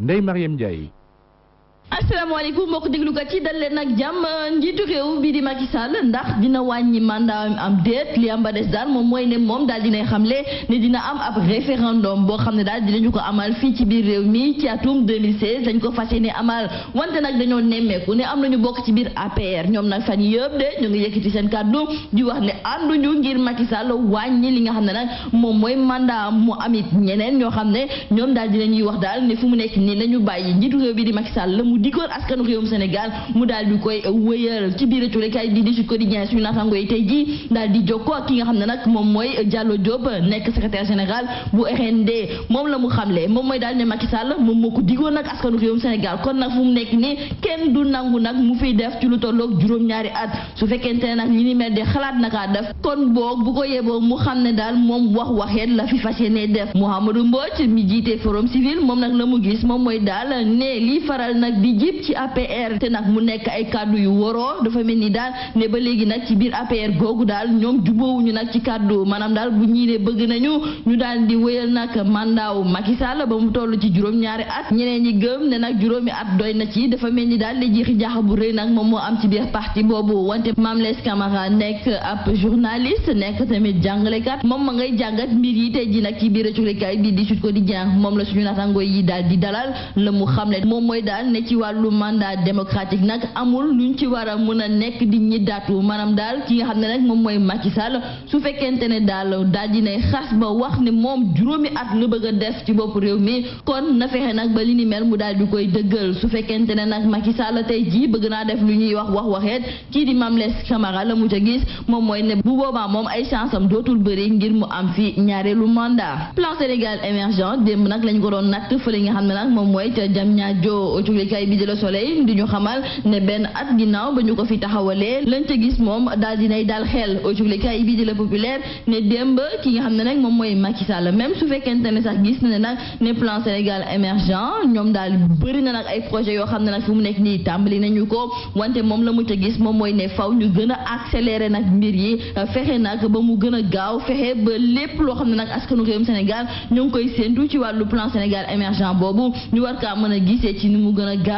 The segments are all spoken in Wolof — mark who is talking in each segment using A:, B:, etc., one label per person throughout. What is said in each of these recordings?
A: Name: Mariam Ndiaye asalaamaaleykum mbokk ka ci dal leen ak jàmm njiitu réew bi di Macky Sall ndax dina wàññi mandat am déet li am ba des daal moom mooy ne moom daal dinay xamle ne dina am ab référendum boo xam ne daal dinañu ko amal fii ci biir réew mi ci atum 2016 dañ ko fas yéene amal wante nag dañoo nemmeeku ne am nañu bokk ci biir APR ñoom nag fan yëpp de ñu ngi yëkkati seen kàddu di wax ne ànduñu ngir Macky Sall wàññi li nga xam ne nag moom mooy mandat mu amit ñeneen ñoo xam ne ñoom daal dinañuy wax daal ne fu mu nekk nii nañu bàyyi njiitu réew bi di Macky Sall mu digoon askanu réewum Sénégal mu daal di koy wëyal ci biir cuurekaay di di Sud Quotidien suñu naataango yi tey jii daal di jokkoo ak ki nga xam ne nag moom mooy Diallo Diop nekk secrétaire général bu RND moom la mu xamle moom mooy daal ne Macky Sall moom moo ko digoon nag askanu réewum Sénégal kon nag fu mu nekk nii kenn du nangu nag mu fiy def ci lu tolloog juróom-ñaari at su fekkente ne nag ñi ni mel de xalaat nakaa def kon boog bu ko yeboo mu xam ne daal moom wax waxeet la fi fas yéene def Mouhamadou Mbodj mi jiite forum civil moom nag la mu moom mooy daal di jib ci APR té nak mu nek ay cadeau yu woro dafa melni dal né ba légui nak ci biir APR googu daal ñoom jubóowuñu nak ci cadeau manam dal bu ñi ne bëgg nañu ñu dal di wëyel nak mandaw Macky Sall ba mu tollu ci juroom ñaari at ñeneen ñi gëm ne nak juroomi at doy na ci dafa melni dal li jax bu nak mom mo am ci biir parti bobu wante mam les Camara nek ap journaliste nek tamit kat mom ma ngay jangat mbir yi tay ji nak ci biir bi di di jang mom la suñu natangoy yi dal di dalal le mu xamle mom moy dal ne ci wàllu mandat démocratique nag amul luñ ci war a mën a nekk di ñi daatu maanaam daal ki nga xam ne nag moom mooy Macky Sall su fekkente ne daal daal di ne xas ba wax ne moom juróomi at la bëgg a ci bopp réew mi kon na fexe nag ba li ni mel mu daal di koy dëggal su fekkente ne nag Macky Sall tey jii bëgg naa def lu ñuy wax wax waxeet kii di Mame Less Camara mu ca gis mooy ne bu boobaa moom ay chance dootul bëri ngir mu am fi ñaareelu mandat plan Sénégal émergent démb ko doon natt fële bi Le Soleil di ñu xamal né ben at ginnaw bañu ko fi taxawalee lañ ca gis mom dal dinaay dal xel yëglekaay bi di Le Populaire né demb ki nga xamné nak mom moy Macky Sall même su fekkente ne sax gis na ne nag plan Sénégal émergent ñom dal bëri na nag ay projet yo xamné nak nag fi mu nekk nii tàmbali nañu ko wanté mom la mu ca gis mom moy né faw ñu gëna accélérer nak mbir yi fexé nak ba mu gëna a gaaw fexe ba lépp lo xamné nak askanu réew Sénégal ñu ngi koy séentu ci walu plan Sénégal émergent bobu ñu war ka mëna gisé ci ni mu gëna gaaw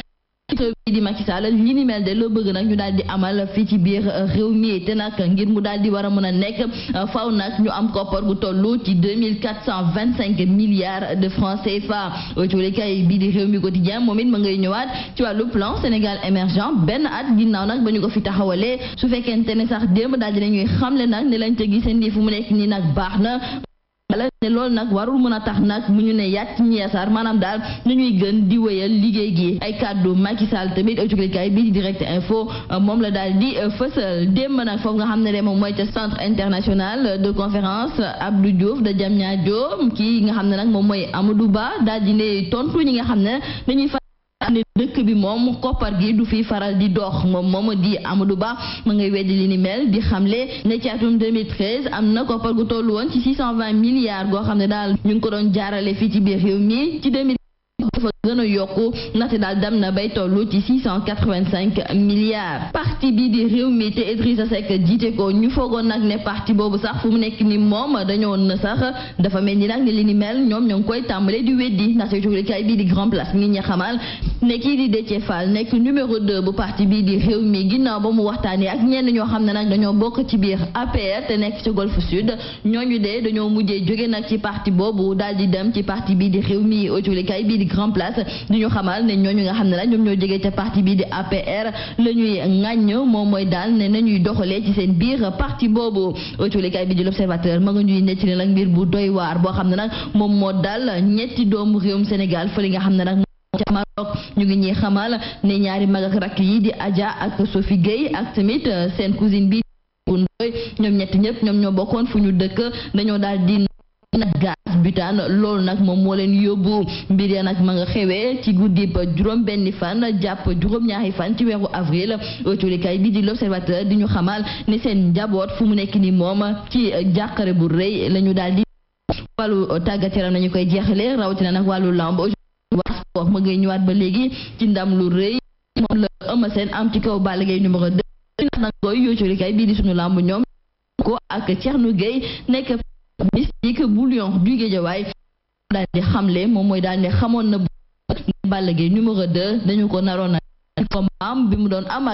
A: njiitu bi di Macky Sall li ni mel de lo bëgg nak ñu daal di amal fi ci biir réew mi te nag ngir mu daal di war a nekk faw nak ñu am koppar gu tollu ci 2425 milliards de francs CFA ci kay bi di réew mi quotidien moom ma ngay ñëwaat ci walu plan Sénégal émergent ben at ginnaw nak bañu ko fi taxawalé su fekkente ne sax démb daal dina ñuy xamle nag ne lañ ca gisee ni fu mu nekk nii nag baax la ne loolu nag warul mën a tax nag mu ñu ne yàcc ñeesaar maanaam daal ñu ñuy gën di wéyal liggéey gi ay kàddu Macky Sall tamit cukalikaay bi di direct info euh, moom la daal di euh, fësal démb nag foofu nga xam ne de moom mooy ca centre international de conférence Abdou Diouf de Diamniadio kii nga xam ne nag moom mooy du Ba daal di ne tontu ñi nga xam ne dañuy ne dëkk bi moom koppar gi du fi faral di dox moom mooma di Amadou Ba ma ngay weddi li ni mel di xamle ne ci atum 2013 am na koppar gu toll woon ci 620 milliards goo xam ne daal ñu ngi ko doon jaarale fii ci biir réew mi ci dafa gën a yokku ndaxte na bay tollu ci 685 milliards parti bi di réew mi te Idrissa Seck jiite ko ñu foogoon nak ne parti bobu sax fu mu nekk ni mom dañoo na sax dafa nak ni nag li ni mel ñom ñong koy tambalé di weddi ndaxte kay bi di grand place ni ñi xamal ne ki di Déthié Fall nekk numéro 2 bu parti bi di réew mi ginnaw ba mu waxtaanee ak ñenn ñoo xam nak dañoo bokk ci biir APR te nekk ci Golf Sud ñooñu de dañoo mujjé jóge nak ci parti bobu dal di dem ci parti bi di réew mi kay bi di grand en place di ñu xamal ne ñooñu nga xam ne la ñoom ñoo jógee ca parti bi di APR la ñuy ŋàññ moom mooy daal ne nañuy doxalee ci seen biir parti boobu cuulikaay bi di l'observateur ma nga ñuy ne nag moom moo dal ñetti doomu réewum xam ne nag ca Maroc ñu ngi ñuy xamal ne ñaari mag ak rakk yi di Adja ak Sophie Gueye ak tamit seen cousine bi bu Ndoy ñoom ñetti ñëpp ñoom ñoo bokkoon fu ñu dëkk dañoo daal nag gaz butane loolu nag moom moo leen yóbbu mbir ya nag ma nga xewee ci guddi ba juróom benni fan jàpp juróom-ñaari fan ci weeru avril autolikay bi di l'observateur di ñu xamal ne seen njaboot fu mu nekk nii moom ci jàqare bu rëy la ñu daal di wàllu tàggat yaram nañu koy jeexale rawatina nag wàllu lamb waa sport ma ngay ñëwaat ba léegi ci ndam lu rëy moom la Eumeu Sène am ci kaw Balla Gaye numéro 2 ndax nag koy bii di suñu làmb ñoom ko ak Thierno Gueye nekk mystique bu lion du Guédiawaye daal di xamle moom mooy daal ne xamoon na Balla Gaye numéro 2 dañu ko naroon na combat bi mu doon am